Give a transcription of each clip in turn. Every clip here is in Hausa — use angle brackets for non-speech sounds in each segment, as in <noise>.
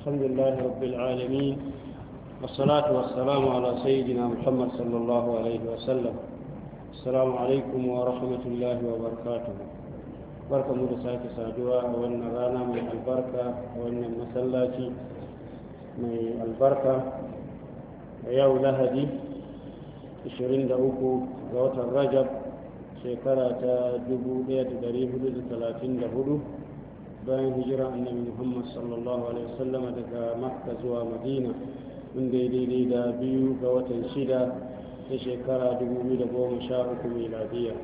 الحمد لله رب العالمين والصلاة والسلام على سيدنا محمد صلى الله عليه وسلم السلام عليكم ورحمة الله وبركاته بركة مرساك سادوا والنغانا من البركة والنمسلاك من البركة يو لهدي 23 ga watan rajab shekara ta 1434 bayan hijira annabi muhammad sallallahu alaihi wasallam daga makka zuwa madina wanda ya daidai da biyu ga watan shida ta shekara 2013 miladiya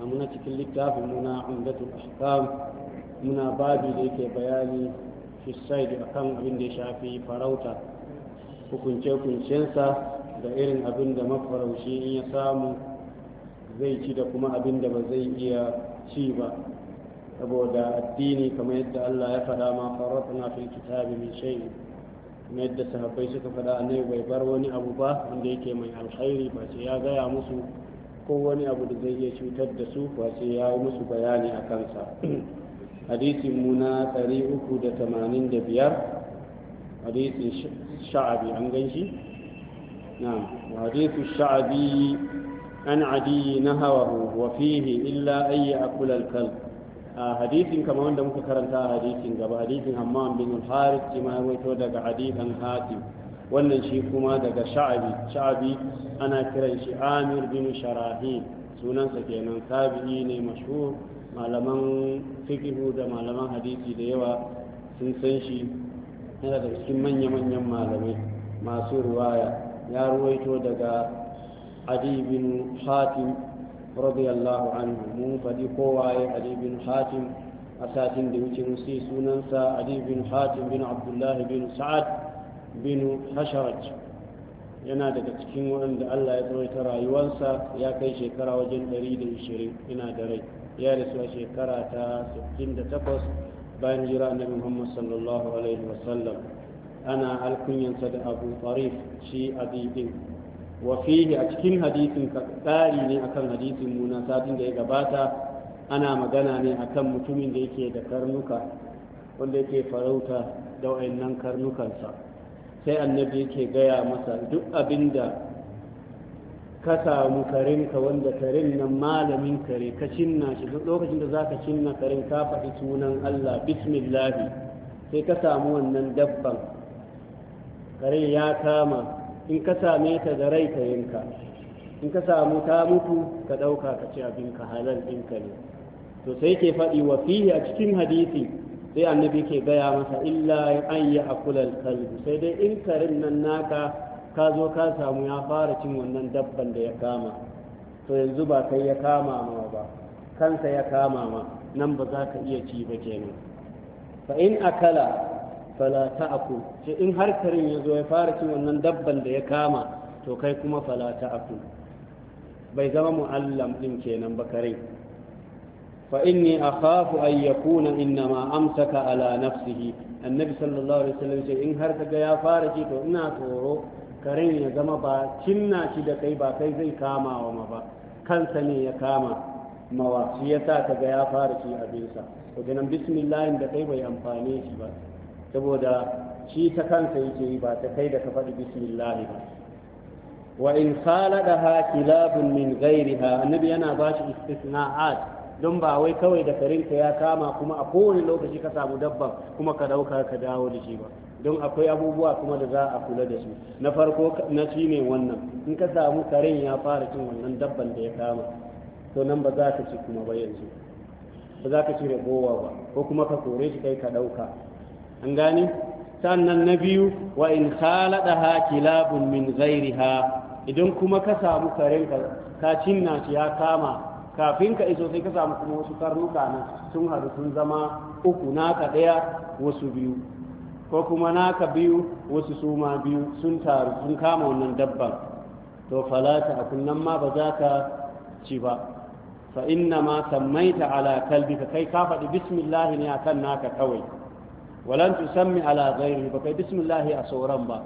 a muna cikin littafin muna umdatul ahkam muna babi da yake bayani fisaid akan abin da ya shafi farauta hukunce-hukuncensa da irin abin da mafarauci in ya samu zai ci da kuma abin da ba zai iya ci ba saboda addini kamar yadda Allah ya faɗa ma farratna fil kitabi min shay kamar yadda sahabbai suka faɗa annabi bai bar wani abu ba wanda yake mai alkhairi ba sai ya gaya musu ko wani abu da zai iya cutar da su ba sai ya yi musu bayani a kansa <clears throat> hadisin mu na 385 hadisin sha'abi an gan shi na'am wa hadisu sha'abi an illa ayya a al hadisin kamar wanda muka karanta a hadisin gaba hadisin hammam bin al-harith shi ma waito daga hadisan hatim wannan shi kuma daga sha'abi sha'abi ana kiran shi amir bin sharahin sunansa kenan tabi'i ne mashhur malaman fiqh da malaman hadisi da yawa sun san shi yana da cikin manya-manyan malamai masu ruwaya ya ruwaito daga adi bin hatim رضي الله عنه مو فدي قواي علي بن حاتم أساتين دي وجه مسي سننسى علي بن حاتم بن عبد الله بن سعد بن حشرج yana daga cikin waɗanda Allah ya tsawaita rayuwarsa ya kai shekara wajen 120 ina da rai ya rasu a shekara ta 68 bayan jira annabi Muhammad sallallahu alaihi wasallam ana alkunyansa da Abu Tarif shi azidin wa fihi a cikin hadisin tsari ne akan hadisin mu na satin da ya gabata ana magana ne akan mutumin da yake da karnuka wanda yake farauta da wayannan karnukansa sai annabi yake gaya masa duk abinda ka samu karinka wanda karin nan malamin kare ka cinna shi duk lokacin da zaka cinna karin ka faɗi sunan Allah bismillah sai ka samu wannan dabban kare ya kama in ka same ta da rai ka yanka in ka samu ta mutu ka ɗauka ka ci abinka halal ɗinka ne to sai ke faɗi wa fihi a cikin hadisi sai annabi ke gaya masa illa an yi akulal kalbu sai dai in karin nan naka ka zo ka samu ya fara cin wannan dabban da ya kama to yanzu ba kai ya kama ma ba kansa ya kama ma nan ba za ka iya ci ba kenan fa in akala fala ta'ku ce in har karin ya zo ya fara cin wannan dabban da ya kama to kai kuma fala ta'ku bai zama mu'allam din kenan ba kare fa inni akhafu an yakuna ma amsaka ala nafsihi annabi sallallahu alaihi wasallam ce in har kaga ya fara ci to ina tsoro karen ya zama ba cinna shi da kai ba kai zai kama wa ma ba kansa ne ya kama mawa shi yasa kaga ya fara ci abinsa to ganin bismillah da kai bai amfane shi ba saboda shi ta kansa yake yi ba ta kai da ka faɗi bismillah ba wa in ha kilabun min ghairiha annabi yana ba shi istisna'at don ba wai kawai da karinka ya kama kuma a kowane lokaci ka samu dabban kuma ka dauka ka dawo da shi ba don akwai abubuwa kuma da za a kula da su na farko na shi ne wannan in ka samu karen ya fara cin wannan dabban da ya kama to nan ba za ka ci kuma ba yanzu ba za ka ci ragowa ba ko kuma ka kore shi kai ka ɗauka an sannan na biyu wa in khaladaha kilabun min ghairiha idan kuma ka samu karenka ka ka cinna shi ya kama kafin ka iso sai ka samu kuma wasu karnuka na, sun haɗu sun zama uku naka ɗaya wasu biyu ko kuma naka biyu wasu suma biyu sun taru sun kama wannan dabban to falata a kunnan ma ba za ka ci ba fa inna ma sammaita ala kalbi ka kai ka faɗi bismillah ne akan naka kawai walan tusammi ala ghairi ba kai a sauran ba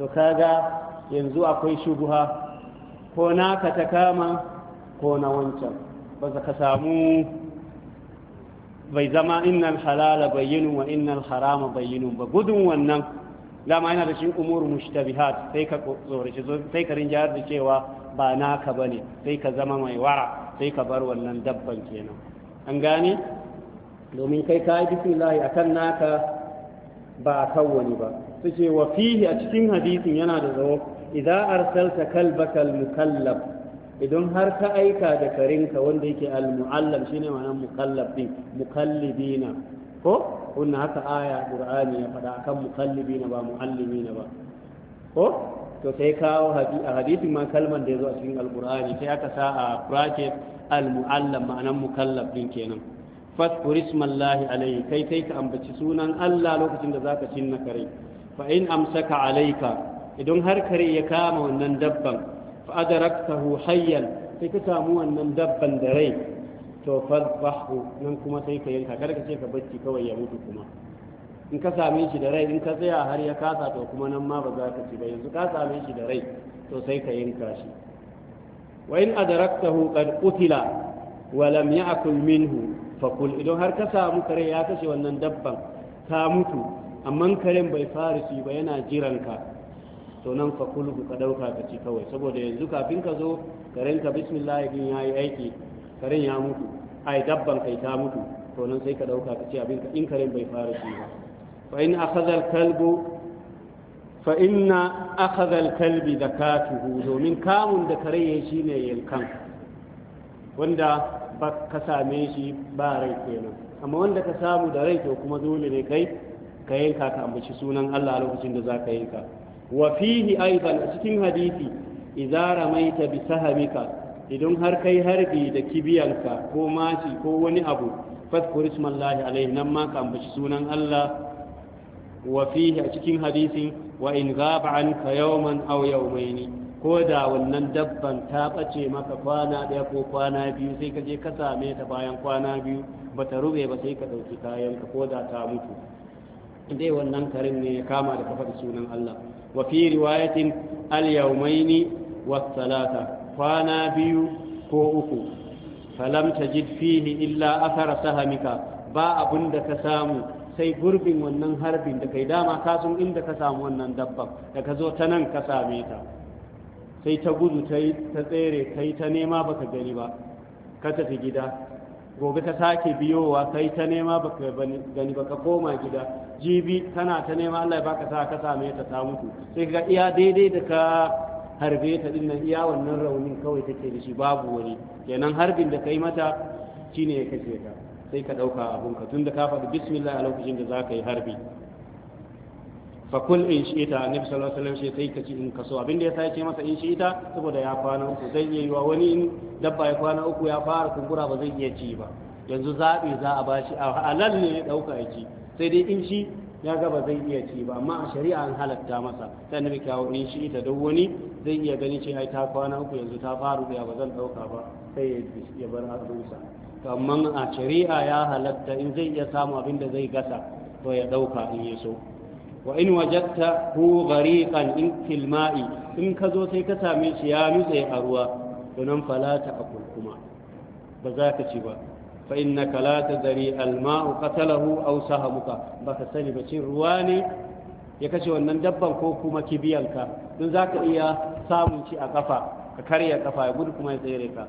to kaga yanzu akwai shubuha ko naka ta kama ko na wancan ba za ka samu bai zama innal halala bayyinun wa innal harama bayyinun ba gudun wannan dama yana da cikin umur mushtabihat sai ka tsorace sai ka rinjayar da cewa ba naka bane sai ka zama mai wara sai ka bar wannan dabban kenan an gane domin kai ka yi a akan naka ba a kan wani ba su ce wa fihi a cikin hadisin yana da zawo idan arsalta kalbaka mukallab idan har ka aika da karinka wanda yake al-muallam shine ma'anar mukallab din mukallibina ko wannan haka aya qur'ani ya faɗa akan mukallibina ba muallimina ba ko to sai kawo a hadisin ma kalman da ya zo a cikin al-qur'ani sai aka sa a bracket al-muallam ma'anar mukallab din kenan fadkur ismallahi alayhi kai kai ka ambaci sunan Allah lokacin da zaka cinna kare fa in amsaka alayka idan har kare ya kama wannan dabban fa adraktahu hayyan sai ka samu wannan dabban da rai to fadhahu nan kuma sai ka yanka kada ka ce ka bacci kawai ya mutu kuma in ka same shi da rai in ka tsaya har ya kasa to kuma nan ma ba za ka ci ba yanzu ka same shi da rai to sai ka yanka shi wa in adraktahu qad qutila wa lam ya'kul minhu fakul idan har ka samu kare ya kashe wannan dabban ta mutu amma karen bai fara su ba yana jiran ka to nan fakul ka dauka ka ci kawai saboda yanzu kafin ka zo karen ka bismillah din yayi aiki karen ya mutu ai dabban kai ta mutu to nan sai ka dauka ka ci abin ka in karen bai fara su ba fa in akhadha al-kalbu fa inna akhadha al-kalbi zakatuhu domin kamun da kare ya shine yankan wanda ka same shi ba rai kenan amma wanda ka samu da rai to kuma dole ne kai ka yanka ka ambaci sunan Allah lokacin da za ka yanka wa fihi aidan a cikin hadisi idza ramaita bi sahamika idan har kai harbi da kibiyanka ko maci ko wani abu fadkur ismallahi alaihi nan ma ka ambaci sunan Allah wa fihi a cikin hadisin wa in ghaba anka yawman aw yawmayni ko da wannan dabban ta ɓace maka kwana ɗaya ko kwana biyu sai ka je ka same ta bayan kwana biyu ba ta rube ba sai ka ɗauki kayanka ko da ta mutu dai wannan karin ne ya kama da kafa da sunan Allah wa fi riwayatin al-yawmaini was-salata kwana biyu ko uku falam tajid fihi illa athara sahamika ba abun da ka samu sai gurbin wannan harbin da kai dama ka inda ka samu wannan dabban da ka zo ta nan ka same ta sai ta gudu ta tsere ta yi ta nema baka gani ba ka tafi gida gobe ta sake biyowa sai ta nema baka gani ba ka koma gida jibi tana ta nema Allah ya baka sa ka same ta ta mutu sai ka iya daidai da ka harbe ta din iya wannan raunin kawai take da shi babu wani kenan harbin da kai mata shine ya kace ka sai ka dauka abun ka tunda ka faɗi bismillah a lokacin da zaka yi harbi fakul in shi ita annabi sallallahu alaihi wasallam sai ka ci in kaso abin da yasa masa in shi ita saboda ya kwana uku zai iya yiwa wani in dabba ya kwana uku ya fara kumbura ba zai iya ci ba yanzu zaɓi za a bashi a halal ne ya ɗauka ya ci sai dai in shi ya ga ba zai iya ci ba amma a shari'a an halatta masa sai annabi kawo in shi ita don wani zai iya ganin ai ta kwana uku yanzu ta fara ya ba zan ɗauka ba sai ya bar arzusa amma a shari'a ya halatta in zai iya samu abin da zai gasa to ya ɗauka in ya so wa in wajatta hu ghariqan in fil ma'i in ka zo sai ka same shi ya nutse a ruwa to nan falata akul kuma ba za ka ci ba fa innaka la tadri al ma'u qatalahu aw sahamuka ba ka sani ba cin ruwa ne ya kashe wannan dabban ko kuma kibiyanka don za ka iya samun ci a kafa ka karya kafa ya gudu kuma ya tsere ka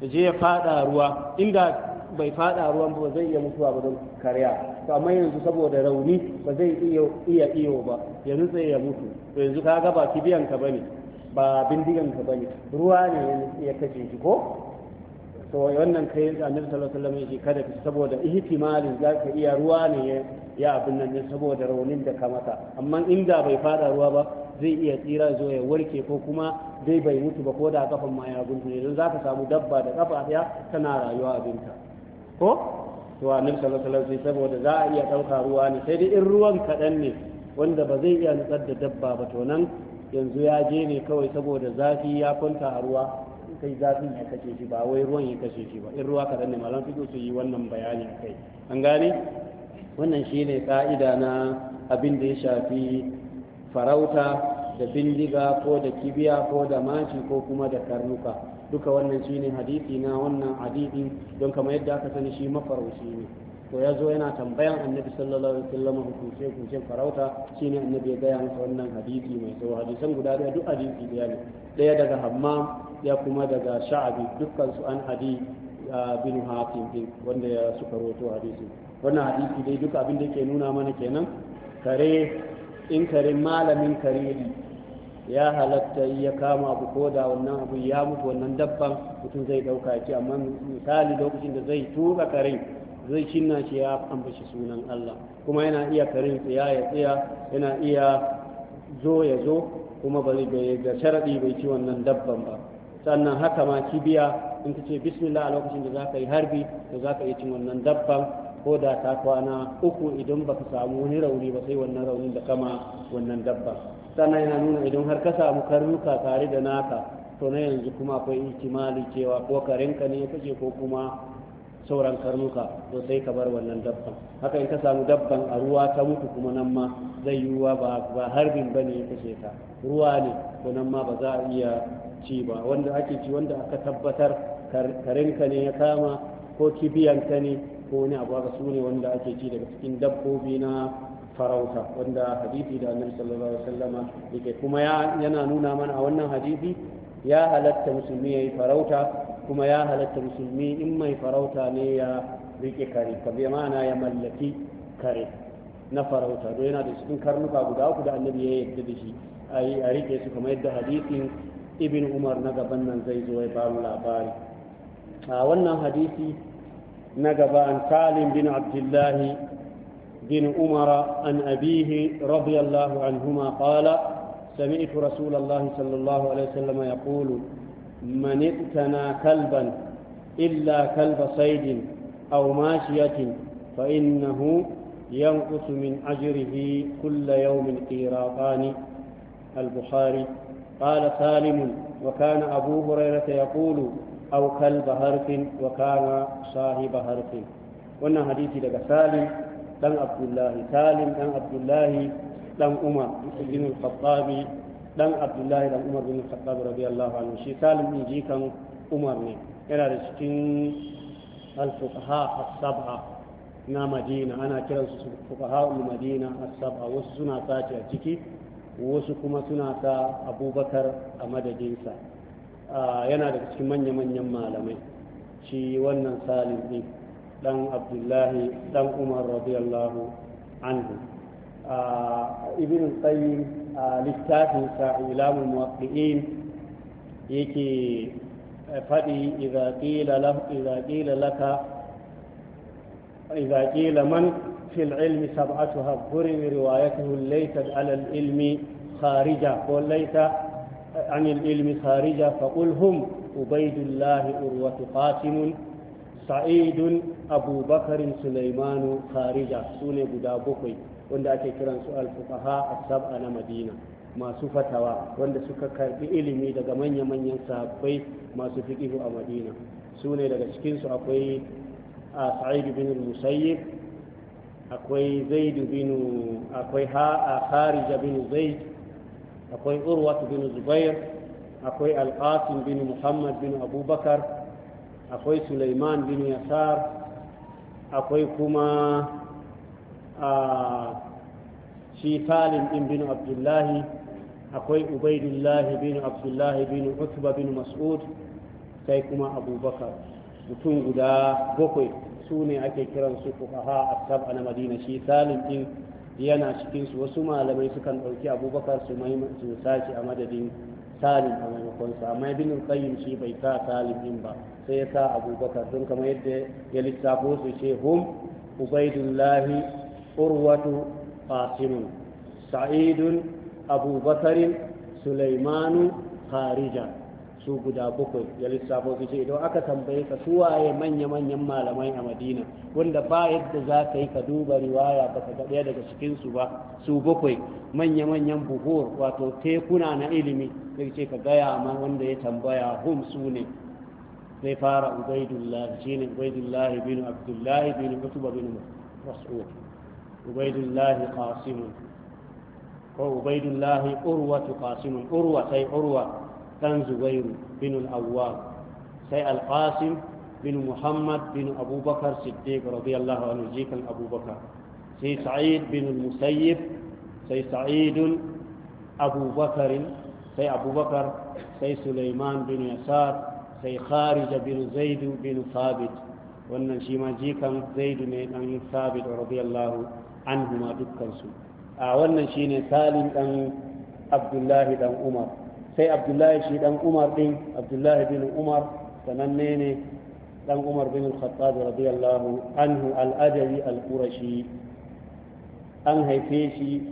ya je ya fada ruwa inda bai fada ruwan ba zai iya mutuwa ba don karya kamar yanzu saboda rauni ba zai iya iya iyo ba yanzu sai ya mutu to yanzu ka ga ba kibiyan ka bane ba bindigan ka bane ruwa ne ya kace shi ko to wannan kai annabi sallallahu alaihi wasallam yake kada ka saboda ihtimalin za ka iya ruwa ne ya abin nan ne saboda raunin da ka mata amma inda bai fada ruwa ba zai iya tsira zo ya warke ko kuma dai bai mutu ba ko da kafan ma ya gunduye don za ka samu dabba da kafa ya tana rayuwa abinta ko to nan sallallahu alaihi wasallam saboda za a iya ɗauka ruwa ne sai dai in ruwan kaɗan ne wanda ba zai iya nutsar da dabba ba to nan yanzu ya je ne kawai saboda zafi ya kwanta a ruwa kai zafin ya kashe shi ba wai ruwan ya kashe shi ba in ruwa kaɗan ne malam fito su yi wannan bayani kai an gane wannan shi ne ka'ida na abin da ya shafi farauta da bindiga ko da kibiya ko da maci ko kuma da karnuka duka wannan shi ne hadisi na wannan hadisi don kama yadda aka sani shi mafarauci ne to ya zo yana tambayan annabi sallallahu alaihi wasallam hukunce hukuncen farauta shine annabi ya gaya masa wannan hadisi mai sau. hadisan guda daya duk hadisi daya ne daya daga hammam ya kuma daga sha'abi dukkan su an hadi bin hatim din wanda ya suka roto hadisi wannan hadisi dai duk abin da ke nuna mana kenan kare in kare malamin kare ya halatta ya kama abu ko da wannan abu ya mutu wannan dabban mutum zai dauka ya ci amma misali lokacin da zai tura karen zai cinna shi ya ambaci sunan Allah kuma yana iya karin tsaya ya tsaya yana iya zo ya zo kuma ba zai ga sharadi bai ci wannan dabban ba sannan haka ma kibiya in ta ce bismillah a lokacin da zaka yi harbi da zaka ka iya cin wannan dabban ko da ta kwana uku idan baka samu wani rauni ba sai wannan raunin da kama wannan dabban. sannan yana nuna idan har ka samu karnuka tare da naka to na yanzu kuma akwai ikimali cewa ko karenka ne ya ko kuma sauran karnuka to sai ka bar wannan dabban haka in ka samu dabban a ruwa ta mutu kuma nan ma zai yi wa ba harbin bane ya kashe ta ruwa ne to nan ma ba za a iya ci ba wanda ake ci wanda aka tabbatar karenka ne ya kama ko kibiyanka ne ko wani abu haka su ne wanda ake ci daga cikin dabbobi na farauta wanda hadisi da annabi sallallahu alaihi wasallama yake kuma yana nuna mana a wannan hadisi ya halatta musulmi ya yi farauta kuma ya halatta musulmi in mai farauta ne ya riƙe kare ka bai ma'ana ya mallaki kare na farauta don yana da cikin karnuka guda uku da annabi ya yadda da shi a riƙe su kamar yadda hadisin ibn umar na gaban nan zai zo ya bamu labari a wannan hadisi na gaba an salim bin abdullahi بن عمر عن أبيه رضي الله عنهما قال سمعت رسول الله صلى الله عليه وسلم يقول من ائتنى كلبا إلا كلب صيد أو ماشية فإنه ينقص من أجره كل يوم قيراطان البخاري قال سالم وكان أبو هريرة يقول أو كلب هرف وكان صاحب هرف وأن حديث لك سالم dan abdullahi salim dan abdullahi dan umar bin al-khattabi dan abdullahi dan umar bin al-khattabi radiyallahu anhu shi salim din jikan umar ne yana da cikin al-fuqaha as-sab'a na madina ana kiransu fuqaha al-madina saba wasu suna sace a ciki wasu kuma suna sa abubakar a madadinsa ah, yana daga cikin manya-manyan malamai shi wannan salim din dan abdullahi dan umar radiyallahu anhu ah, ibn qayyim ah, littafin sa ilamul muwaqqi'in yake eh, faɗi idza qila lahu idza qila laka idza qila man fil ilmi sab'atu habburin riwayatuhu laysat ala al ilmi kharija wa laysa عن eh, ilmi kharija fa هم عبيد الله أروة قاسم سعيد abubakarin sulaimanu kharija su ne guda bakwai wanda ake kiran su alfukaha as-sab'a na madina masu fatawa wanda suka karbi ilimi daga manya-manyan sahabbai masu fiqihu a madina su ne daga cikinsu akwai a sa'id bin musayyib akwai zaid bin akwai ha kharija bin zaid akwai urwa bin zubair akwai al-qasim bin muhammad bin abubakar akwai sulaiman bin yasar akwai kuma a shi talin ɗin bin abdullahi akwai ubaidullahi bin abdullahi bin utba bin mas'ud sai kuma abubakar mutum guda bakwai su ne ake kiran su kiransu a a na madina shi talin ɗin yana cikinsu wasu malamai sukan ɗauki abubakar su mai su a madadin salim a maimakonsa amma ibn qayyim shi bai sa salim din ba sai ya sa abubakar don kamar yadda ya lissafo su ce hum ubaidullahi urwatu qasimun sa'idun abubakarin sulaimanu kharija su guda bakwai ya lissafo su ce idan aka tambaye ka su waye manya-manyan malamai a madina wanda ba yadda za ka yi ka duba riwaya ba ka ɗaya daga cikinsu ba su bakwai manya-manyan buhur wato tekuna na ilimi zai ce ka gaya ma wanda ya tambaya hum su ne zai fara ubaidullahi shi ne ubaidullah bin abdullah bin bin mas'ud ko urwatu urwa sai urwa ɗan zubairu bin al'awwa sai alƙasim bin muhammad bin abubakar siddiq radiyallahu anhu jikan abubakar sai sa'id bin musayyib sai sa'idun abubakarin sai abubakar sai suleiman bin yasar sai kharija bin zaidu bin sabit wannan shi ma jikan zaidu ne ɗan sabit radiyallahu anhu ma dukkansu a wannan shine salim dan abdullahi dan umar sai abdullahi shi dan umar din abdullahi bin umar sananne ne dan umar bin al-khattab radiyallahu anhu al-adawi al-qurashi an haife shi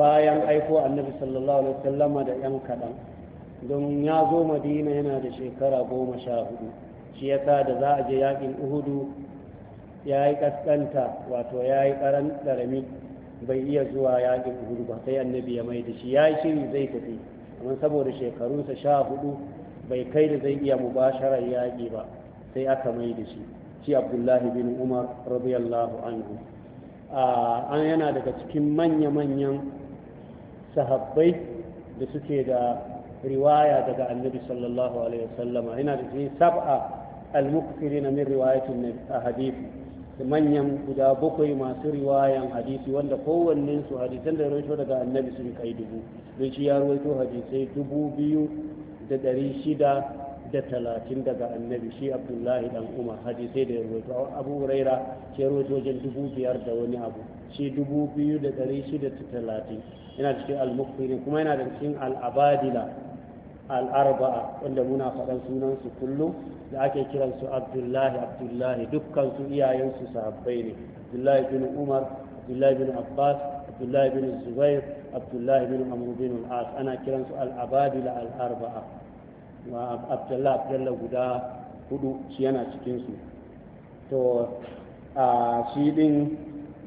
bayan aiko annabi sallallahu alaihi wasallama da yan kadan don ya zo madina yana da shekara goma sha hudu shi yasa da za a je yakin uhudu ya yi kaskanta wato ya yi karami bai iya zuwa yakin uhudu ba sai annabi ya mai da shi ya yi shiri zai tafi kuma saboda shekarunsa sha hudu bai kai da zai iya mubasharar yaƙi ba sai aka mai da shi shi abdullahi bin umar radiyallahu anhu an yana daga cikin manya-manyan sahabbai da suke da riwaya daga annabi sallallahu alaihi wasallama yana da cikin sab'a al-mukfirina min riwayatin hadisi Da manyan guda bakwai masu riwayan hadisi wanda kowannen su hadisan da rawaito daga annabi sun kai dubu don shi ya rawaito hadisai dubu biyu da ɗari shida da talatin daga annabi shi abdullahi dan umar hadisai da ya rawaito abu huraira shi rawaito wajen dubu biyar da wani abu shi dubu biyu da ɗari shida da talatin yana cikin al kuma yana da cikin al-abadila al'arba'a wanda muna faɗan sunansu kullum da ake kiransu abdullahi abdullahi dukkansu iyayensu sahabbai ne abdullahi bin umar abdullahi bin abbas abdullahi bin zubair abdullahi bin amurbin al’as ana kiransu al'abadila al'arba'a wa abdullahi abdullahi guda hudu shi yana cikinsu to a shi din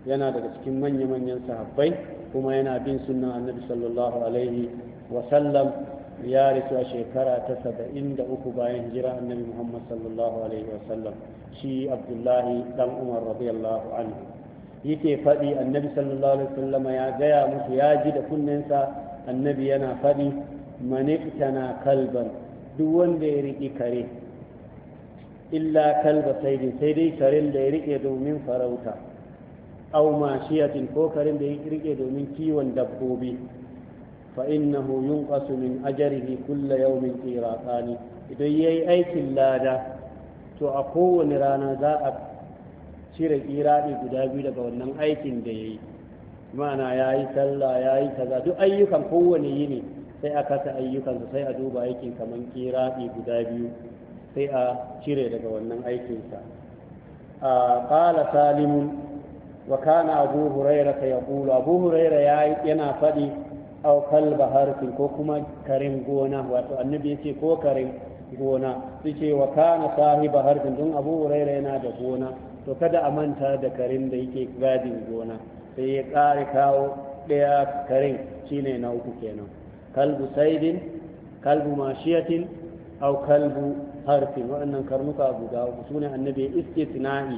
yana daga cikin manya-manyan sahabbai kuma yana bin sunan annabi sallallahu alaihi wasallam ya rasu a shekara ta saba'in da uku bayan hijira annabi muhammad sallallahu alaihi wasallam shi abdullahi dan umar radiyallahu anhu yake faɗi annabi sallallahu alaihi wasallama ya gaya musu ya ji da kunninsa annabi yana faɗi maniktana kalban duk wanda ya riƙi kare illa kalba saidin dai sai dai karen da ya riƙe domin farauta au mashiyatin ko karen da ya riƙe domin kiwon dabbobi فإنه ينقص من أجره كل يوم قيراطان إذا يي aikin lada, to a kowane rana za a cire kiraɗi guda biyu daga wannan aikin da ya yi mana ya yi sallah ya yi kaza duk ayyukan kowane yini sai a kasa ayyukansa sai a duba aikin kamar kiraɗi guda biyu sai a cire daga wannan aikinsa قال سالم وكان أبو هريرة يقول أبو هريرة yana faɗi aw kalba harfin ko kuma karin gona wato annabi yace ko karin gona ce wa kana sahiba harfin don abu huraira yana da gona to kada a manta da karin da yake gadin gona sai ya ƙare kawo ɗaya karin shine na uku kenan kalbu saidin kalbu mashiyatin aw kalbu harfin waɗannan karnuka guda uku ne annabi istisna'i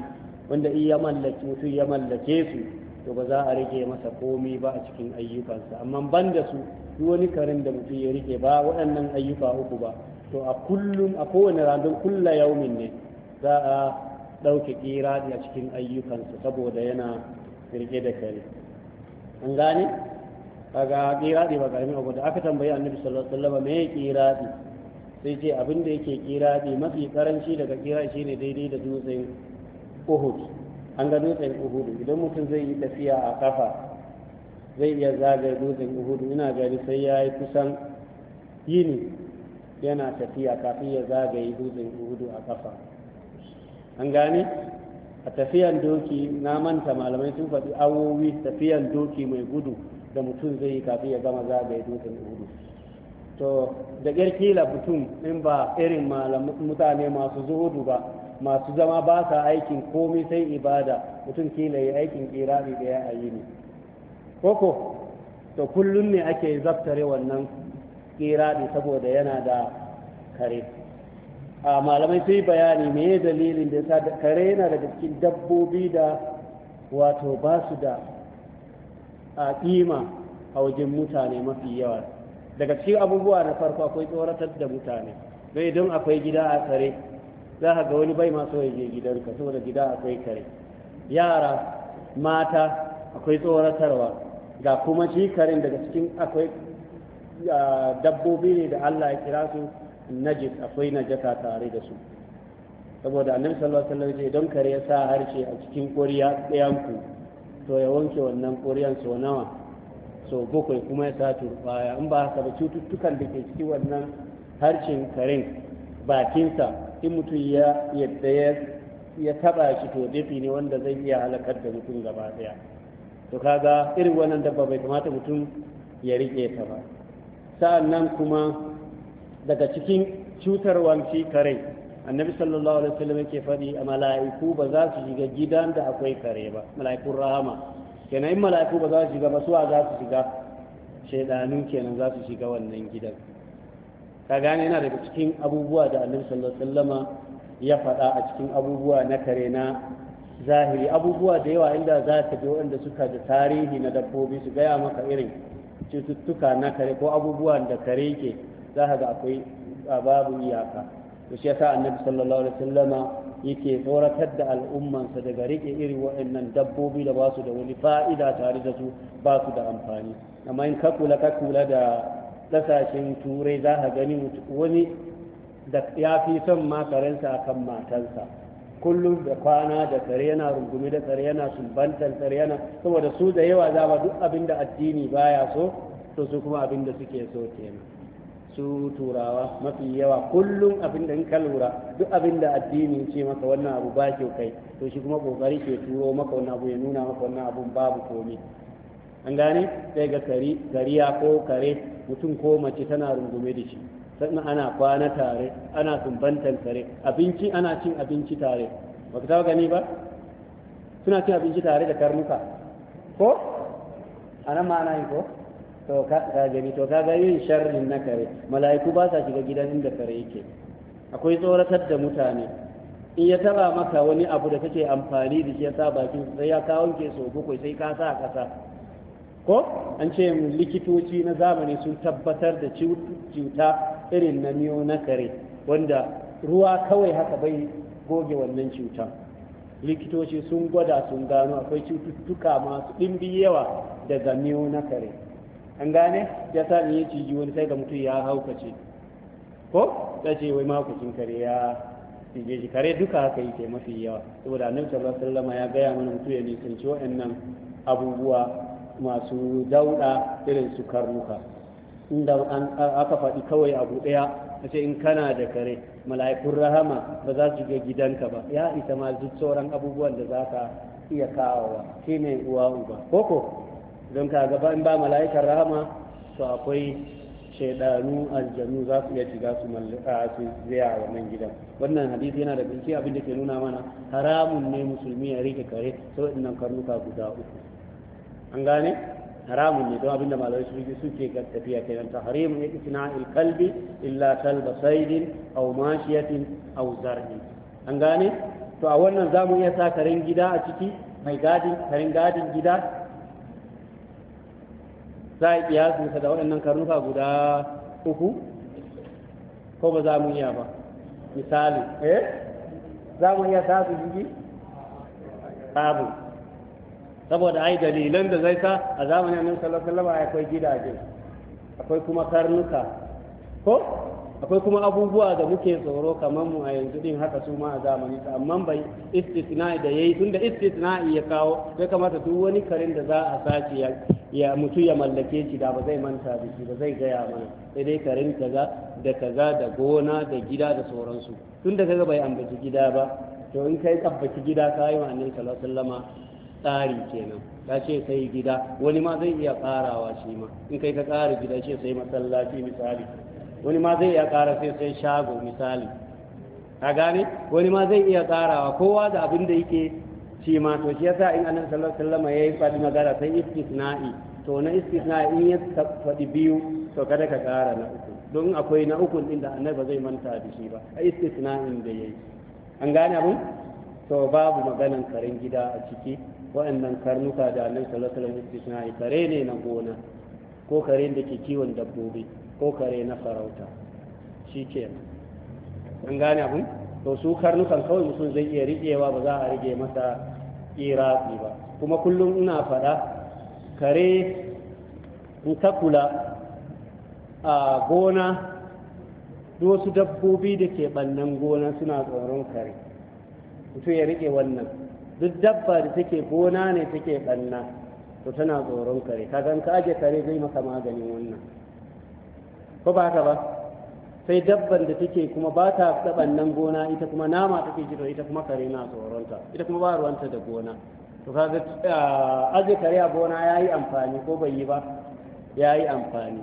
wanda iya mallake mutum ya mallake su to ba za a rike masa komi ba a cikin ayyukansa amma ban da su duk wani karin da mutum ya rike ba waɗannan ayyuka uku ba to a kullum a kowane ranar kulla yaumin ne za a ɗauke ƙira a cikin ayyukansa saboda yana rike da kare an gane kaga ƙiraɗi ba ƙaramin abu da aka tambayi annabi sallallahu alaihi wasallam me ƙiraɗi sai ce abin da yake ƙiraɗi mafi karanci daga ƙira shine daidai da dutsen Uhud an ga dutsen uhudu idan mutum zai yi tafiya a kafa zai iya zagaye dutsen uhudu ina gari sai ya yi kusan yini yana tafiya kafin ya zagaye dutsen uhudu a kafa an gane a tafiyan doki na manta malamai sun faɗi awowi tafiyan doki mai gudu da mutum zai yi kafin ya gama zagaye dutsen uhudu to da ƙirƙila mutum in ba irin mutane masu zuhudu ba masu zama ba sa aikin komai sai ibada mutum kila yi aikin kirari da ya ayi ne koko to kullum ne ake zaftare wannan kirari saboda yana da kare a malamai sai bayani me dalilin da sa kare yana da cikin dabbobi da wato ba su da a kima a wajen mutane mafi yawa daga cikin abubuwa na farko akwai tsoratar da mutane don akwai gida a tsare. za ka ga wani bai masu so je gidanka saboda gida akwai kare yara mata akwai tsoratarwa ga kuma shi karin daga cikin akwai dabbobi ne da Allah ya kira su najis akwai najasa tare da su saboda annabi sallallahu alaihi wasallam don kare ya sa harshe a cikin koriya ɗayan ku to ya wanke wannan koriyan so nawa so bakwai kuma ya sa turbaya in ba haka ba cututtukan da ke cikin wannan harshen karen bakinsa in mutum ya yadda ya taba shi to dafi ne wanda zai iya halakar da mutum gaba daya to kaga irin wannan dabba bai kamata mutum ya rike ta ba sa'annan kuma daga cikin cutar wanci kare annabi sallallahu alaihi wasallam yake faɗi a mala'iku ba za su shiga gidan da akwai kare ba mala'ikun rahama kenan mala'iku ba za su shiga ba suwa za su shiga shaidanu kenan za su shiga wannan gidan ka gane yana daga cikin abubuwa da annabi sallallahu alaihi ya faɗa a cikin abubuwa na kare na zahiri abubuwa da yawa inda za ka je waɗanda suka da tarihi na dabbobi su gaya maka irin cututtuka na kare ko abubuwan da kare ke za ka ga akwai babu iyaka to shi yasa annabi sallallahu alaihi wasallama yake tsoratar da al'ummansa daga rike irin waɗannan dabbobi da ba su da wani fa'ida tare da su ba su da amfani amma in ka kula ka kula da kasashen turai za ka gani wani da ya fi son ma a akan matansa kullum da kwana da tsare yana rungumi da tsare yana sumbantan tsare yana saboda su da yawa za duk abin da addini baya so to su kuma abin da suke so kenan su turawa mafi yawa kullum abin da in ka lura duk abin da addini ce maka wannan abu ba ke kai to shi kuma kokari ke turo maka wannan abu ya nuna maka wannan abun babu komai an gane sai ga kariya ko kare mutum ko mace tana rungume da shi sannan ana kwana tare ana sumbantan tare abinci ana cin abinci tare ba ka gani ba suna cin abinci tare da karnuka ko a nan ana yi ko to ka gani to ka yin sharrin na kare mala'iku ba sa shiga gidan inda kare yake akwai tsoratar da mutane in ya taba maka wani abu da kake amfani da shi ya sa bakin sai ya kawo ke so bakwai sai ka sa kasa ko an ce likitoci na zamani sun tabbatar da cuta irin na miyo na kare, wanda ruwa kawai haka bai goge wannan cuta likitoci sun gwada sun gano akwai cututtuka masu ɗimbi yawa daga miyo na kare. an gane ya sa ni ciji wani sai ga mutum ya haukace ko ta ce wai makocin kare ya cije shi kare duka haka yake mafi yawa saboda annabi sallallahu alaihi wasallam ya gaya mana mutum ya nisanci wa'annan abubuwa masu Dauda irin su karnuka inda aka faɗi kawai abu ɗaya a ce in kana da kare mala'ikun rahama ba za su ga gidanka ba ya isa ma duk sauran abubuwan da za ka iya kawowa shi ne uwa uba koko don ka gaba in ba Malaikar rahama to akwai shaidanu aljanu za su iya shiga su su a wannan gidan wannan hadisi yana da bincike abin da ke nuna mana haramun ne musulmi ya rike kare sau karnuka guda uku an gane haramun ne don abinda malamai su suke tafiya kenan tahrim ne isna il kalbi illa kalba saidin aw mashiyatin aw zar'i an gane to a wannan zamu iya sa karen gida a ciki mai gadin karen gadin gida za a kiyasinsa da waɗannan karnuka guda uku ko ba za mu iya ba misali eh za mu iya sa su jiki babu saboda ai dalilan da zai sa a zamanin annabi sallallahu alaihi wasallam akwai gidaje akwai kuma karnuka ko akwai kuma abubuwa da muke tsoro kamar mu a yanzu din haka su ma a zamanin sa amma bai istisna'i da yayi tunda istisna'i ya kawo sai kamata duk wani karin da za a sace ya ya mutu ya mallake shi da ba zai manta da shi ba zai gaya mana sai dai karin kaza da kaza da gona da gida da sauransu tunda kaga bai ambaci gida ba to in kai tabbaci gida ka yi wa annabi sallallahu alaihi wasallama tsari kenan ta ce sai gida wani ma zai iya karawa shi ma in kai ka kara gida ce sai masallaci misali wani ma zai iya kara sai sai shago misali a gane wani ma zai iya karawa kowa da abin da yake shi ma to shi yasa in annabi sallallahu alaihi wasallam yayi faɗi magana sai istisna'i to na istisna'i in ya faɗi biyu to kada ka kara na uku don akwai na uku din da annabi zai manta da shi ba a istisna'in da yayi an gane abun to babu maganan karin gida a ciki waɗannan karnuka da annan sallallahu alaihi wasallam kare ne na gona ko kare da ke kiwon dabbobi ko kare na farauta shi ke an gane abin to su karnukan kawai mutum zai iya riƙewa ba za a rige masa iraki ba kuma kullum ina faɗa kare in ta kula a gona wasu dabbobi da ke ɓannan gona suna tsoron kare mutum ya riƙe wannan duk dabba da take gona ne take ɓanna to tana tsoron kare Ka gan ka aje kare zai maka maganin wannan ko ba ka ba sai dabban da take kuma ba ta ɓannan gona ita kuma nama take jira ita kuma kare na ta ita kuma ba ruwanta da gona to ka ga aje kare a gona ya yi amfani ko bai yi ba ya yi amfani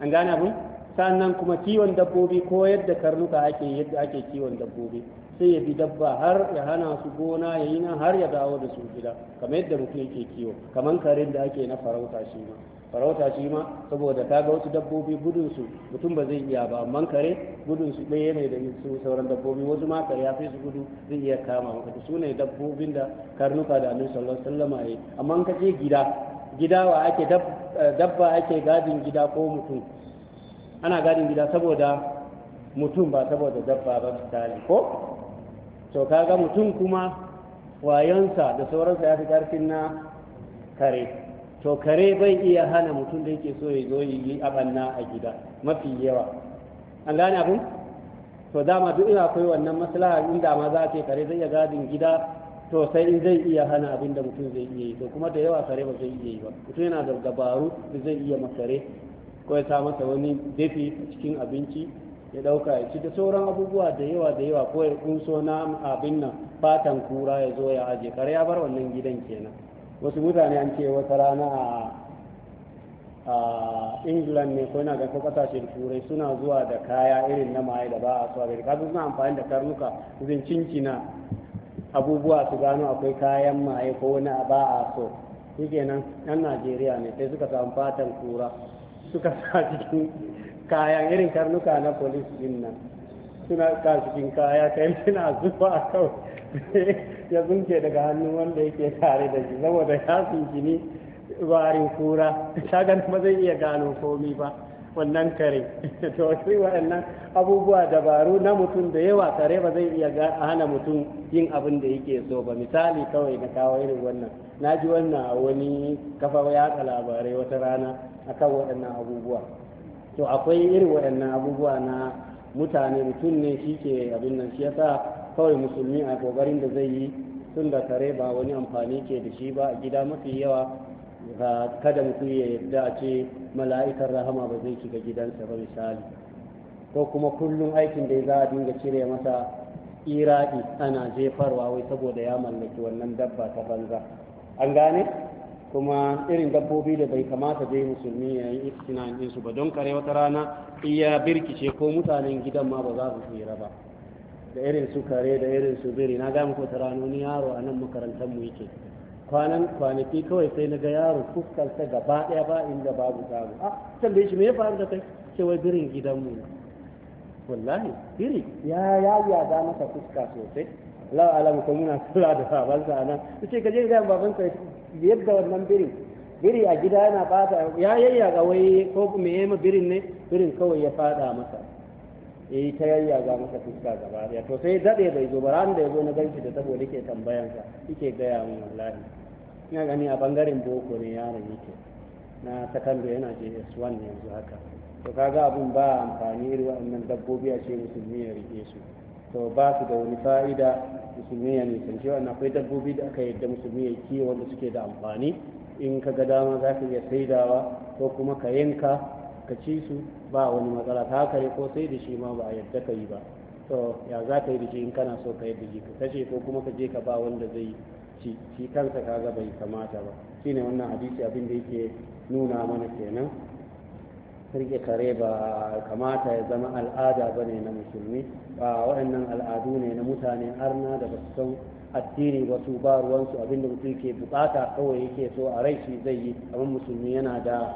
an gane abin sannan kuma kiwon dabbobi ko yadda karnuka ake yadda ake kiwon dabbobi sai ya bi dabba har ya hana su gona ya yi nan har ya dawo da su gida kamar yadda mutum yake kiwo kamar karin da ake na farauta shi ma farauta shi ma saboda ta ga wasu dabbobi gudun su mutum ba zai iya ba amma kare gudun su ɗaya ne da su sauran dabbobi wasu ma kare ya fi su gudu zai iya kama maka su ne dabbobin da karnuka da annabi sallallahu alaihi wasallam ya yi amma ka je gida gida wa ake eh, dabba ake gadin gida ko mutum ana gadin gida saboda mutum ba saboda dabba ba misali ko to kaga mutum kuma wayonsa da sauransa ya fi ƙarfin na kare to kare bai iya hana mutum da yake so ya zo yi abanna a gida mafi yawa an gane abin to dama duk ina akwai wannan maslaha inda ma za ce kare zai iya gadin gida to sai in zai iya hana abin da mutum zai iya yi to kuma da yawa kare ba zai iya yi ba mutum yana da dabaru da zai iya makare ko ya sa masa wani dafi cikin abinci ya dauka ya ci da sauran abubuwa da yawa da yawa ko ya kunso na abin nan fatan kura ya zo ya aje kar ya bar wannan gidan kenan wasu mutane an ce wata rana a england ne ko yana ko kasashen turai suna zuwa da kaya irin na maye da ba a so a kasu suna amfani da karnuka cincina abubuwa su gano akwai kayan maye ko wani ba a so shikenan yan najeriya ne sai suka samu fatan kura suka sa cikin kayan irin karnuka na polis din nan suna ka kaya kaya kai suna zuwa a kawai <laughs> ya zunke daga hannun wanda yake tare da shi saboda ya tsinci ni warin kura shagan ba zai iya gano komi ba wannan kare <laughs> to shi waɗannan abubuwa dabaru na mutum da yawa kare ba zai iya hana mutum yin abin da yake so ba misali kawai na kawo irin wannan na ji wannan a wani kafa yaɗa labarai wata rana akan waɗannan abubuwa to akwai irin waɗannan abubuwa na mutane mutum ne shi ke abin nan shi yasa kawai musulmi a kokarin da zai yi tun da kare ba wani amfani ke da shi ba a gida mafi yawa kada mutum ya yarda a ce mala'ikan rahama ba zai shiga gidansa ba misali ko kuma kullum aikin da za a dinga cire masa iraki ana jefarwa wai saboda ya mallaki wannan dabba ta banza an gane kuma irin dabbobi da bai kamata dai musulmi ya yi istina'in su ba don kare wata rana iya birkice ko mutanen gidan ma ba za su tsira ba da irin su kare da irin su biri na ga muku wata rana wani yaro a nan makarantar mu yake kwanan kwanaki kawai sai na ga yaro fuskarsa gaba ɗaya ba inda babu samu a ah, tambaye shi me ya faru da kai ce wai birin gidan ne wallahi biri ya ya yaga maka fuska sosai lawa alamu ko muna kula da babansa a nan ce ka je ga babansa yadda wannan birin biri a gida yana bata ya yayyaga wai ko me yayi ma birin ne birin kawai ya fada masa eh ta yayyaga masa fuska gaba ya to sai dade bai zo baran da zo na ganshi da saboda yake tambayan sa yake gaya min wallahi ina gani a bangaren boko ne yaron yake na sakandare yana je s 1 ne yanzu haka to kaga abun ba amfani irin wannan dabbobi a ce musulmi ya rike su to ba su da wani fa'ida musulmi ya nisanci na akwai dabbobi da aka yadda musulmi ya kiwo wanda suke da amfani in ka ga dama za ka iya saidawa ko kuma ka yanka ka ci su ba wani matsala ta haka ne ko sai da shi ma ba a yadda ka yi ba to ya za ka yi da shi in kana so ka yi da shi ka kashe ko kuma ka je ka ba wanda zai ci shi kansa ga bai kamata ba shine wannan hadisi abin da yake nuna mana kenan rike kare ba kamata ya zama al'ada ba ne na musulmi ba waɗannan al'adu ne na mutane arna da ba su san addini ba su ba ruwansu abinda mutum ke bukata kawai yake so a rai shi zai yi kamar musulmi yana da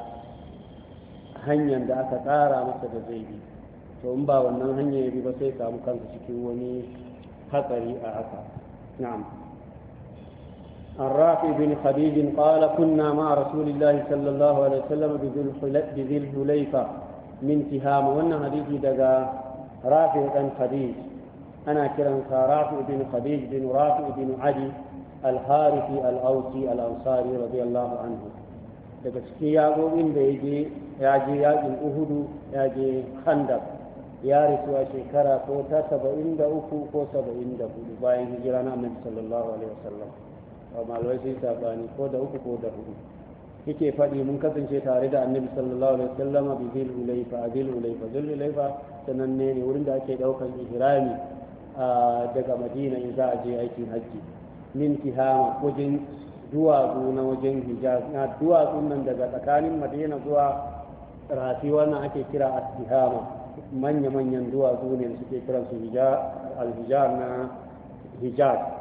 hanyar da aka tsara masa da zai bi to in ba wannan hanyar ya bi ba sai samu kansa cikin wani hatsari a haka na'am عن رافع بن خديج قال كنا مع رسول الله صلى الله عليه وسلم بذي الحليفة من تهام وانا حديثي دقا رافع بن خديج أنا كرم رافع بن خديج بن رافع بن عدي الحارثي الأوسي الأنصاري رضي الله عنه daga ciki yaƙoƙin da ya je ya je yaƙin uhudu ya je khandaq ya rasu a shekara ko ta saba'in da uku ko saba'in malawai sun sabani ko da uku ko da hudu yake faɗi mun kasance tare da annabi sallallahu alaihi wasallam bi zil ulaifa zil ulaifa zil ulaifa sananne ne wurin da ake daukar ihrami daga madina in za a je aikin hajji min tihama wajen duwatsu na wajen hijaz na duwatsu nan daga tsakanin madina zuwa rafi wannan ake kira at-tihama manya-manyan duwatsu ne suke kiransu al hijaz na hijaz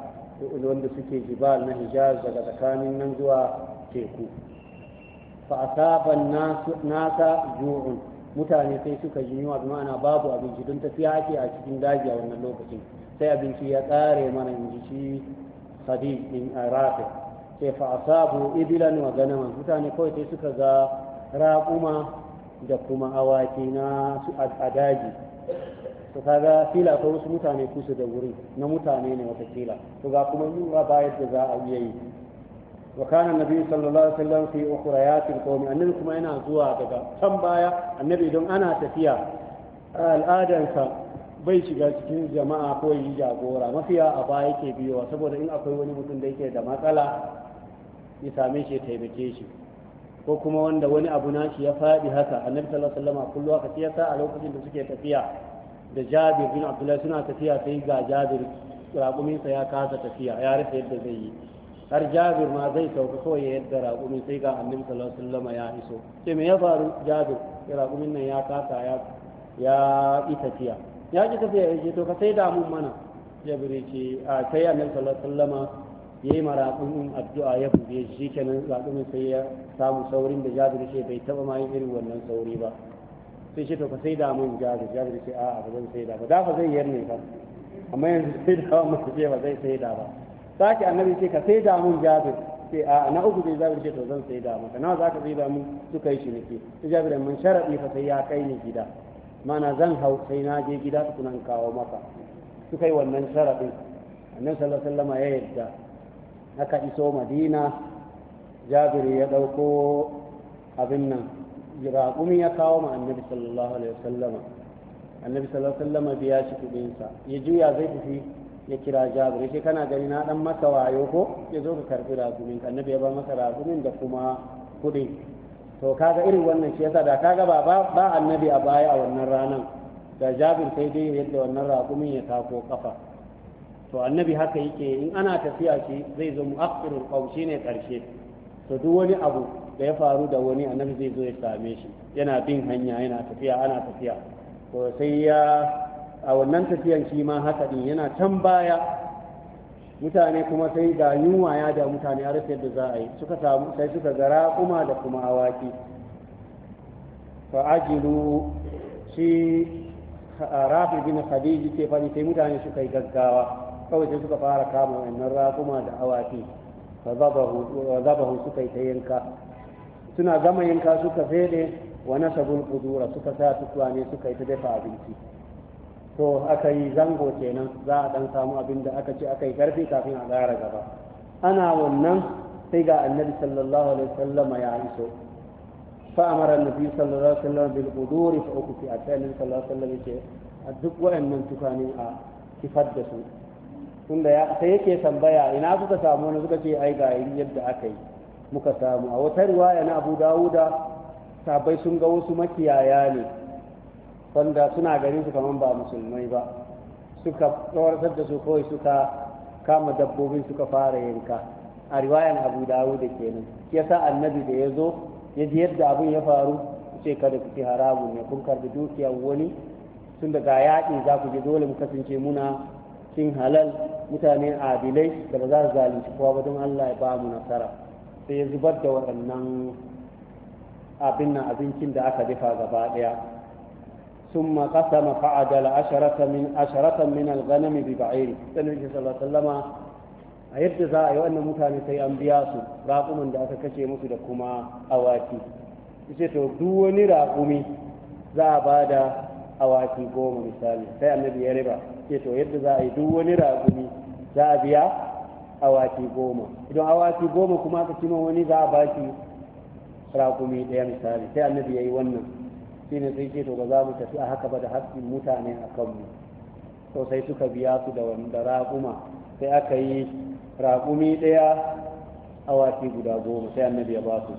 wanda suke jibal na hijaz daga tsakanin nan zuwa teku fa asaban nasa ju'un mutane sai suka ji yunwa ana babu abinci don tafiya ake a cikin daji a wannan lokacin sai abinci ya tsare mana in shi sadi in rafi sai fa asabu ibilan wa ganaman mutane kawai sai suka ga raƙuma da kuma awaki na a daji to kaga fila akwai wasu mutane kusa da wuri na mutane ne wata fila to ga kuma yura bayar da za a iya yi wa kana nabi sallallahu alaihi wasallam fi ukhrayatil qawmi annabi kuma yana zuwa daga can baya annabi don ana tafiya al'adansa bai shiga cikin jama'a ko yi jagora mafiya a baya yake biyowa saboda in akwai wani mutum da yake da matsala ya same shi ya taimake shi ko kuma wanda wani abu nashi ya faɗi haka annabi sallallahu alaihi wasallam kullu haka ya sa a lokacin da suke tafiya da jabir bin abdullahi suna tafiya sai ga jabir raƙuminsa ya kasa tafiya ya rufe yadda zai yi har jabir ma zai sauka kawai yadda raƙumi sai ga annin sallallahu ya iso sai me ya faru jabir raƙumin nan ya kasa ya ya tafiya ya ji tafiya ya ce to ka sai da mun mana jabir ce a sai annin sallallahu ya yi maraƙumin addu'a ya buɗe shi kenan raƙumin sai ya samu saurin da jabir ce bai taɓa ma yin irin wannan sauri ba sai shi to ka sai da mun jari jari sai a'a ba zan sai da ba da ba zai yi ne ba amma yanzu sai da mun ce ba zai sai da ba sake annabi ce ka sai da mun jari sai a'a na uku zai jabir ce to zan sai da maka nawa zaka sai da mun? suka yi shi Su sai jabir mun sharadi fa sai ya kai ni gida mana zan hau sai na je gida su tukuna kawo maka suka yi wannan sharadin annabi sallallahu alaihi wasallam ya yarda aka iso madina jabir ya dauko abin nan raƙumi ya kawo ma annabi sallallahu alaihi wasallama annabi sallallahu alaihi wasallama biya shi kuɗinsa ya juya zai tafi ya kira jabir yace kana gani na dan masa wayo ko ya zo ka karbi raƙumin annabi ya ba masa raƙumin da kuma kuɗin to kaga irin wannan shi yasa da kaga ba ba annabi a baya a wannan ranan da jabir sai dai yadda wannan raƙumin ya tako kafa to annabi haka yake in ana tafiya shi zai zo mu'akhirul qaw shine karshe to duk wani abu da ya faru da wani nan zai zo ya same shi yana bin hanya yana tafiya ana tafiya to sai ya a wannan tafiyan shi ma haka din yana can baya mutane kuma sai ga yunwa ya da mutane a rasa yadda za a yi suka samu sai suka ga raƙuma da kuma awaki fa ajilu shi rafi bin khadiji ke faɗi sai mutane suka yi gaggawa kawai sai suka fara kama wannan raƙuma da awaki fa zabahu suka yi ta yanka suna gama yanka suka fede wa nasabul qudura suka sa tukwane suka yi ta dafa abinci to aka yi zango kenan za a dan samu abin da aka ce aka yi karfi kafin a gara gaba ana wannan sai ga annabi sallallahu alaihi wasallama ya iso fa amara annabi sallallahu alaihi wasallam bil quduri fa ukufi annabi sallallahu alaihi wasallam a duk wayannan tukani a kifar da su tunda ya sai yake tambaya ina suka samu wani suka ce ai ga yadda aka yi muka samu a wata riwaya na abu dawuda sabai sun ga wasu makiyaya ne wanda suna ganin su kamar ba musulmai ba suka tsawartar da su kawai suka kama dabbobin suka fara yanka a riwayan abu dawuda kenan yasa annabi da ya zo ya ji yadda abin ya faru ce kada ku ci haramun ne kun karbi dukiyar wani tun daga yaƙi za ku je dole mu kasance muna cin halal mutane adilai da ba za su zalunci kowa ba don Allah ya ba mu nasara sai ya zubar da waɗannan abin nan abincin da aka dafa gaba ɗaya ثم قسم فعدل عشرة من عشرة من الغنم ببعير سنوي صلى الله عليه وسلم a yadda za a yi wannan mutane sai an biya su raƙumin da aka kashe musu da kuma awaki ce to duk wani raƙumi za a ba da awaki goma misali sai to yadda za a yi duk wani raƙumi za a biya awaki goma idan awaki goma kuma aka cimo wani za a ba shi rakumi ɗaya misali sai annabi ya yi wannan shi ne sai ce to ba za mu tafi a haka ba da haƙƙin mutane a kanmu to sai suka biya su da wanda raƙuma sai aka yi raƙumi ɗaya awaki guda goma sai annabi ya ba su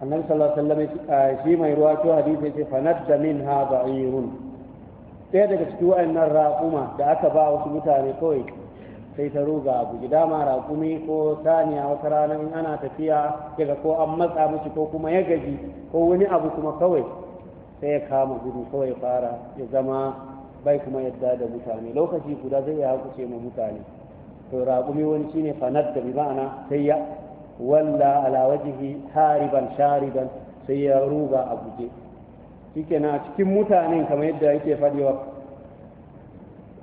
annabi sallallahu alaihi wasallam ah, shi mai ruwa to hadisi ce fanadda minha ba'irun ɗaya daga cikin wa'annan raƙuma da aka ba wasu mutane kawai sai ta ruga abu gida ma raƙumi ko saniya wata rana in ana tafiya daga ko an matsa mishi ko kuma ya gaji ko wani abu kuma kawai sai ya kama gudu kawai fara ya zama bai kuma yadda da mutane lokaci guda zai ya ce ma mutane to raƙumi wani shine fanar da bi sai ya walla ala wajihi hariban shariban sai ya ruga a guje shikenan a cikin mutanen kamar yadda yake fadewa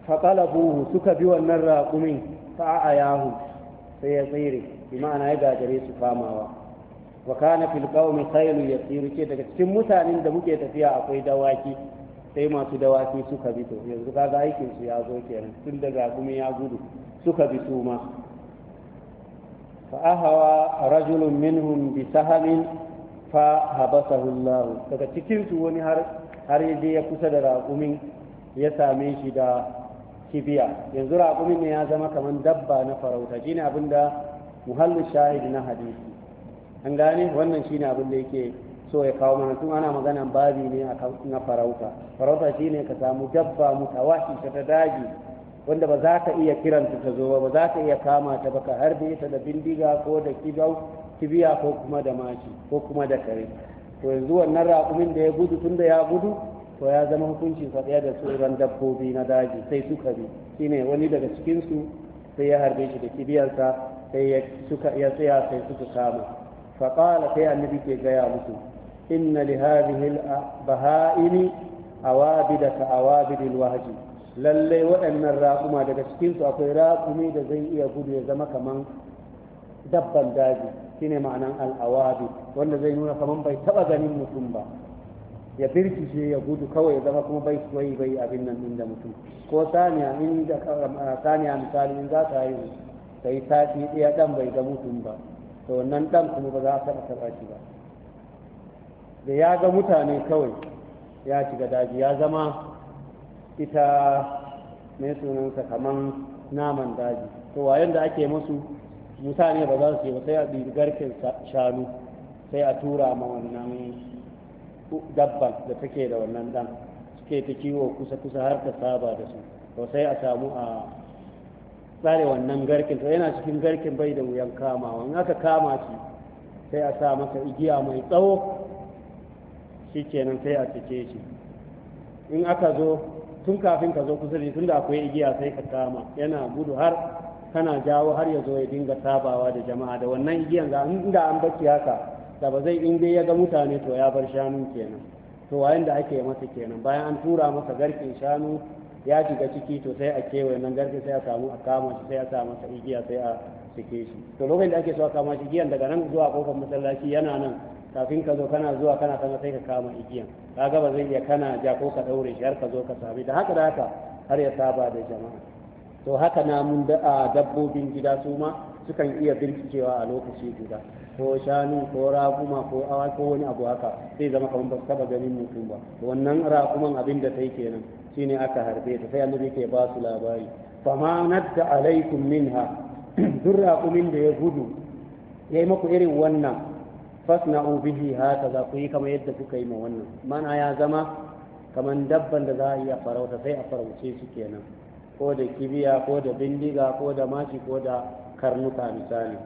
faƙalabuhu suka bi wannan raƙumin fa'a yahu sai ya tsere bi ma'ana ya gagare su famawa wa kana fil qaumi ya yasiru ke daga cikin mutanen da muke tafiya akwai dawaki sai masu dawaki suka bi to yanzu kaga aikin su ya zo kenan tun da raƙumin ya gudu suka bi su ma fa ahawa rajulun minhum bi sahamin fa habasahu Allah daga cikinsu wani har har ya kusa da raƙumin ya same shi da kibiya yanzu raƙumi ne ya zama kamar dabba na farauta shine abin da muhallin shahid na hadisi an gane wannan shine abin da yake so ya kawo mana tun ana magana babi ne na farauta farauta ne ka samu dabba mutawashi ta ta daji wanda ba za ka iya kiranta ta zo ba ba za ka iya kama ta ba ka harbe ta da bindiga ko da kibau kibiya ko kuma da mashi ko kuma da kare to yanzu wannan raƙumin da ya gudu tun da ya gudu to ya zama hukunci sa da tsoron dabbobi na daji sai suka bi shine wani daga cikin su sai ya harbe shi da kibiyarsa sai ya suka ya tsaya sai suka kama fa qala sai annabi ke gaya musu inna li hadhihi al baha'imi awabida ka awabidil wahji lallai waɗannan raƙuma daga cikinsu akwai raƙumi da zai iya gudu ya zama kaman dabban daji shine ma'anan al'awabi wanda zai nuna kaman bai taɓa ganin mutum ba ya birkice ya gudu kawai ya zama kuma bai soyi bai abin nan din da mutum ko saniya in da saniya misali in za ta yi ta yi sati ɗaya ɗan bai ga mutum ba to wannan ɗan kuma ba za a taɓa taɓa shi ba da ya ga mutane kawai ya shiga daji ya zama ita mai sunansa kaman naman daji to wa yanda ake musu mutane ba za su yi ba sai a ɗi garken shanu sai a tura ma wannan dabban da take da wannan dan suke ta kiwo kusa kusa har ta saba da su to sai a samu a tsare wannan garkin to yana cikin garkin bai da wuyan kamawa in aka kama shi sai a sa masa igiya mai tsawo shi kenan sai a cike shi in aka zo tun kafin ka zo kusa da tun da akwai igiya sai ka kama yana gudu har kana jawo har ya zo ya dinga sabawa da jama'a da wannan igiyan ga inda an baki haka da ba zai in dai ya ga mutane to ya bar shanu kenan to wayan da ake masa kenan bayan an tura masa garkin shanu ya shiga ciki to sai a kewaye nan garkin sai a samu a kama shi sai a sa masa igiya sai a cike shi to lokacin da ake so a kama shi igiyan daga nan zuwa kofar masallaci yana nan kafin ka zo kana zuwa kana sama sai ka kama igiyan kaga ba zai iya kana ja ko ka daure shi har ka zo ka sami da haka da haka har ya saba da jama'a to haka namun dabbobin gida su ma sukan iya birkicewa a lokaci guda ko shanu ko raguma ko ko wani abu haka sai zama kamar ba taba ganin mutum ba wannan raguman abin da sai kenan shine aka harbe ta sai annabi ke ba su labari fama nadda alaikum minha <clears throat> duk raƙumin da ya gudu ya maku irin wannan fasna'u bihi haka za ku yi kamar yadda kuka yi ma wannan mana ya zama kaman dabban da za a iya farauta sai a farauce su kenan ko da kibiya ko da bindiga ko da maki ko da karnuka misali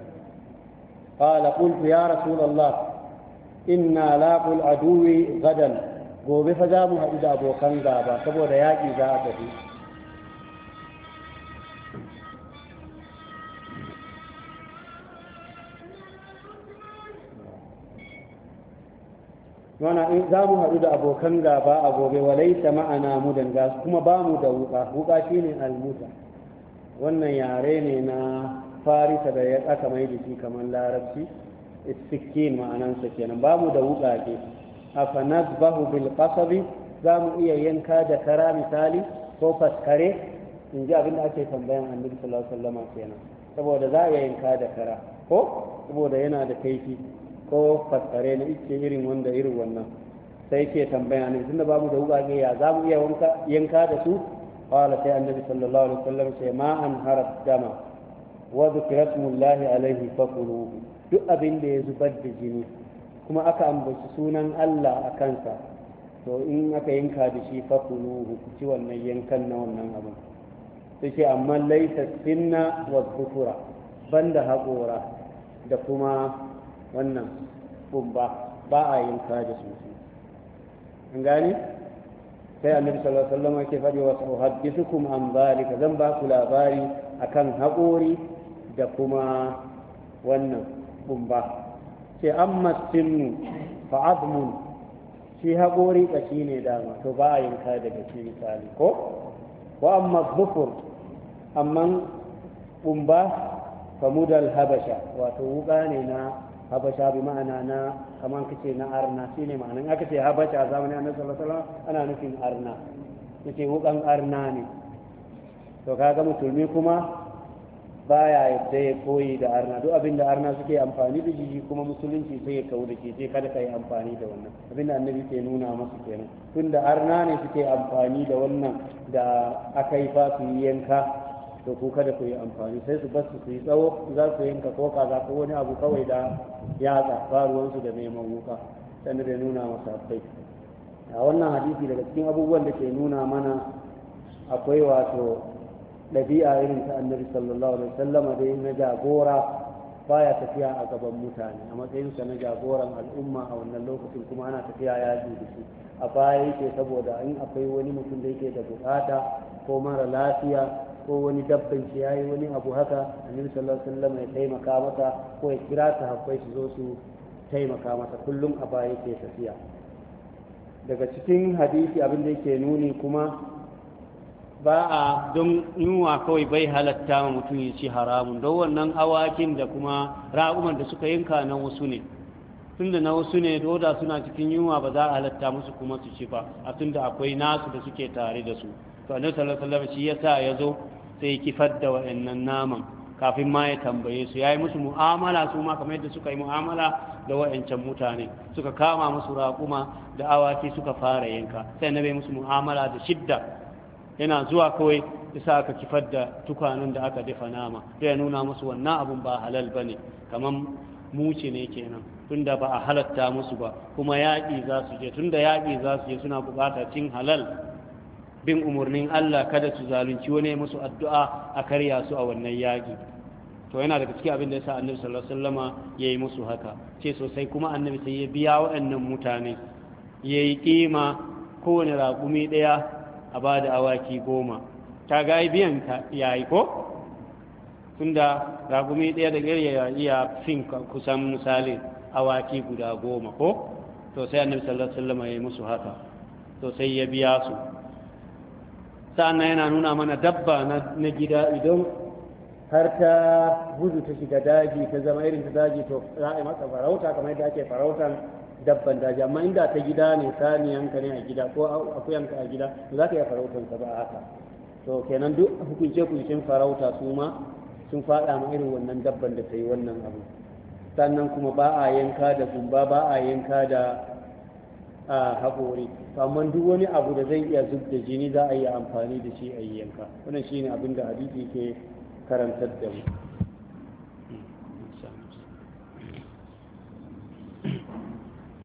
قال قلت يا رسول الله إنا لاقوا العدو غدا gobe fa za mu haɗu da abokan gaba saboda yaƙi za a tafi wana in za mu haɗu da abokan gaba a gobe walaita ma'ana mudan gas kuma ba mu da wuƙa wuƙa shine almuta wannan yare ne na farisa da ya aka mai jiki kamar larabci istikin ma'anansa kenan ba mu da wuƙaƙe afa nazbahu bil kasabi za mu iya yanka da kara misali ko faskare in ji abin da ake tambayan annabi sallallahu alaihi wasallam kenan saboda za a iya yanka da kara ko saboda yana da kaifi ko faskare na ice irin wanda irin wannan sai ke tambaya ne tunda babu da wuƙaƙe ya za mu iya yanka da su wala sai annabi sallallahu alaihi wasallam sai ma an harab jama'a wa zikratullahi alaihi fakulu duk abin da ya zubar da jini kuma aka ambaci sunan Allah a kansa to in aka yanka da shi fakulu ku ci wannan yankan na wannan abin sai ce amma laisa sinna wa zufura da haƙora da kuma wannan kumba ba a yanka da su an gani? sai annabi sallallahu alaihi wasallam yake faɗi wa sahabbitukum an zalika zan ba ku labari akan haƙori da kuma wannan bumba ce amma sinu fa azmun shi haƙori ƙashi ne dama to ba a yanka daga shi misali ko wa amma zukur amma bumba fa mudal habasha wato wuƙa ne na habasha bi ma'ana na kamar kace na arna shine ma'anin aka ce habasha zamanin annabi sallallahu alaihi wasallam ana nufin arna yace wuƙan arna ne to kaga mutulmi kuma baya yadda ya koyi da arna duk abin da arna suke amfani da shi kuma musulunci sai ya kawo da shi sai kada ka yi amfani da wannan abin da annabi ke nuna masu kenan tun da arna ne suke amfani da wannan da aka yi fa su yi yanka to ku kada ku yi amfani sai su basu su yi tsawo za su yanka ko kaza ko wani abu kawai da yatsa faruwansu da neman wuka sannan da nuna masa bai a wannan hadisi daga cikin abubuwan da ke nuna mana akwai wato ɗabi'a irin ta annabi sallallahu alaihi wasallama da na jagora baya tafiya a gaban mutane a matsayinsa na jagoran al'umma a wannan lokacin kuma ana tafiya yaƙi da shi a baya yake saboda in akwai wani mutum da yake da bukata ko mara lafiya ko wani dabban shi yayi wani abu haka annabi sallallahu alaihi wasallam ya taimaka masa ko ya kira ta hakkai su zo su taimaka masa kullum a baya yake tafiya daga cikin hadisi abin da yake nuni kuma ba a don yunwa kawai bai halatta ma mutum ya ci haramun don wannan awakin da kuma ra'uman da suka yanka na wasu ne Tun da na wasu ne doda suna cikin yunwa ba za a halatta musu kuma su ci ba a tun da akwai nasu da suke tare da su to a sallallahu alaihi shi ya sa ya zo sai kifar da wa'annan naman kafin ma ya tambaye su Ya yi musu mu'amala su ma kamar yadda suka yi mu'amala da wayancan mutane suka kama musu raƙuma da awaki suka fara yanka sai na bai musu mu'amala da shidda yana zuwa kawai isa aka kifar da tukwanin da aka dafa nama da ya nuna musu wannan abun ba halal ba ne kamar muce ne kenan tunda ba a halatta musu ba kuma yaƙi za su je tunda yaƙi za su je suna buƙatar cin halal bin umarnin Allah kada su zalunci wani musu addu'a a karya su a wannan yaƙi to yana daga ciki abin da yasa annabi sallallahu alaihi wasallama yayi musu haka ce sosai kuma annabi sai ya biya waɗannan mutane yayi kima kowane raƙumi ɗaya a ba da awaki goma ta ga biyan ta yi ko tunda ragumi ɗaya da gari ya iya fin kusan misalin awaki guda goma ko to sai annabi sallallahu alaihi wasallam ya musu haka to sai ya biya su sa'annan yana nuna mana dabba na gida idan har ta gudu ta shiga daji ta zama irin ta daji to za a yi masa farauta kamar yadda ake farautan dabban daji amma inda ta gida ne ta ne a gida ko akuyanka a gida za ka iya farautansa ba a haka to kenan duk hukunce hukuncin farauta su ma sun faɗa ma irin wannan dabban da ta yi wannan abu sannan kuma ba a yanka da zumba ba a yanka da haƙori amma duk wani abu da zai iya zub da jini za a yi amfani da shi a yi yanka wannan shine abin da hadisi ke karantar da mu